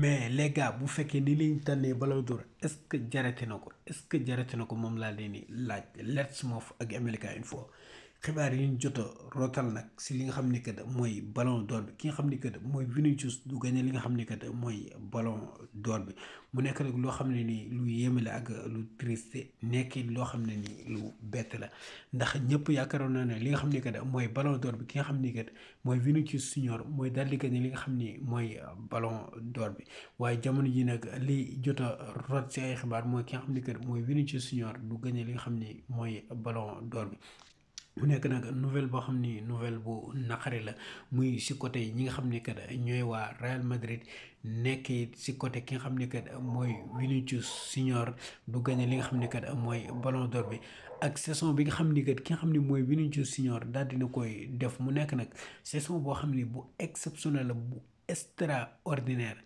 mais les bu fekkee ni liñ tànnee Ballon d'Or est-ce que jarati na ko est-ce que jarati na ko moom laa leen di laaj let's move ak Amérique une fois xibaar yi ñu jot rotal nag si li nga xam ne kat mooy ballon d'or bi ki nga xam ne kat mooy Vinicius du gagné li nga xam ne kat mooy ballon d'or bi mu nekk nag loo xam ne nii lu yéeme la ak lu triste nekki loo xam ne ni lu bett la ndax ñëpp yaakaaroon naa ne li nga xam ne kat mooy ballon d'or bi ki nga xam ne kat mooy Vinicius senior mooy daal di gagné li nga xam ni mooy ballon d'or bi waaye jamono ji nag li jot rot si ay xibaar mooy ki nga xam ne kat mooy Vinicius senior du gagné li nga xam ni mooy ballon d'or bi mu nekk nag nouvelle boo xam ni nouvelle bu naqari la muy si côté ñi nga xam ne ñooy waa Real Madrid nekk si côté ki nga xam ne mooy Vinicius Junior du gagné li nga xam ne kat mooy Ballon d'Or bi ak saison bi nga xam ni kat ki nga xam mooy Vinicius Junior daal dina koy def mu nekk nag saison boo xam ni bu exceptionnel la bu extraordinaire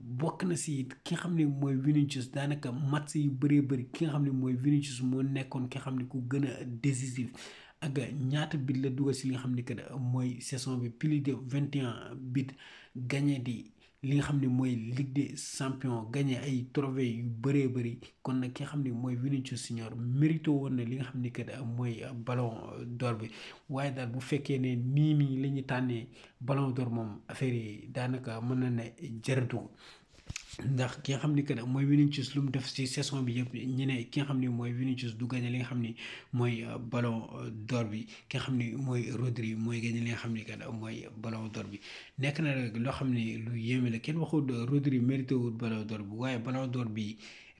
bokk na si ki nga xam ne mooy Vinicius daanaka match yu bëree bëri ki nga xam ne mooy Vinicius moo nekkoon ki nga xam ne ku gën a décisif ak ñaata bit la dugal si li nga xam ne que mooy saison bi plus de vingt et bit gagné di li nga xam ne mooy Ligue des champions gagné ay trophée yu bëree bëri kon nag ki nga xam ne mooy Vinicius Junior mérité woon na li nga xam ne que mooy ballon d'or bi waaye daal bu fekkee ne nii nii lañuy ñu tànnee ballon d'or moom affaire yi daanaka mën na ne jaratu ko ndax ki nga xam ni que nag mooy Vinicius lu mu def ci saison bi yëpp ñu ne ki nga xam ni mooy Vinicius du gagné li nga xam ni mooy euh, ballon d'or bi ki xam ni mooy Rodri mooy gagné li nga xam ni que mooy ballon d'or bi nekk na rek loo xam ne lu yéeme la kenn waxul euh, Rodri mérité wul ballon d'or bi waaye ballon d'or bii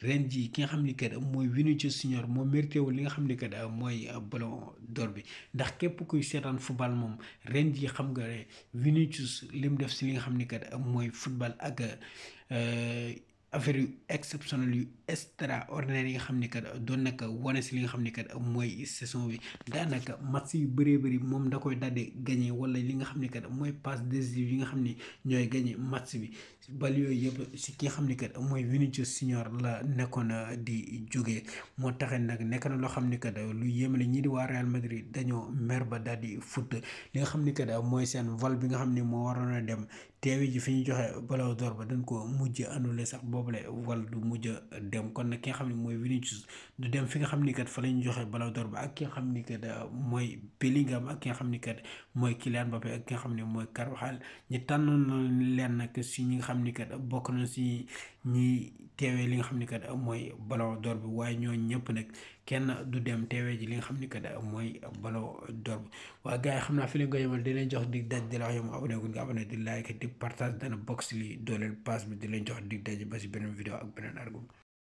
ren jii ki nga xam ni kat mooy Vinicius Junior moo mérité wu li nga xam ni kat euh, mooy euh, ballon d'or bi ndax képp kuy seetaan football moom ren jii xam nga Vinicius li mu def si li nga xam ni kat mooy football ak. Euh, affaire yu exceptionnel yu extraordinaire yi nga xam ne kat doon naka wane si li nga xam ne kat mooy saison bi daanaka match yu bëree bëri moom da koy daldi gagné wala li nga xam ne kat mooy passe décisive yi nga xam ne ñooy gagné match bi bal yooyu yëpp si ki nga xam ne kat mooy Vinicius Junior la nekkoon di jógee moo tax nag nekk na loo xam ne kat lu yéeme la ñii di waa Real Madrid dañoo ba daldi futt li nga xam ne kat mooy seen vol bi nga xam ne moo waroon a dem teewe ji fi ñu joxe Ballon d'Or ba dañ ko mujj annulé sax boobule wala du mujj dem kon nag ki nga xam ne mooy Vinicius du dem fi nga xam ni kat fa la ñu joxe Ballon d'Or ba ak ki nga xam ni kat euh, mooy Bellingham ak ki nga xam ni kat mooy Kylian Mbappé ak ki nga xam ne mooy Carvajal ñi tànnoon leen nag si ñi nga xam ni kat bokk na si ñi teewee li nga xam ni kat mooy ballon d'or bi waaye ñoo ñëpp nag kenn du dem teewee ji li nga xam ni kat mooy ballon d'or bi waaye gars yi xam naa fi leen ko yemal di leen jox dig daj di la wax yow mu abonné gu nga abonné di like di partage dana box li dooleel pass bi di leen jox dig daj ba si beneen vidéo ak beneen argument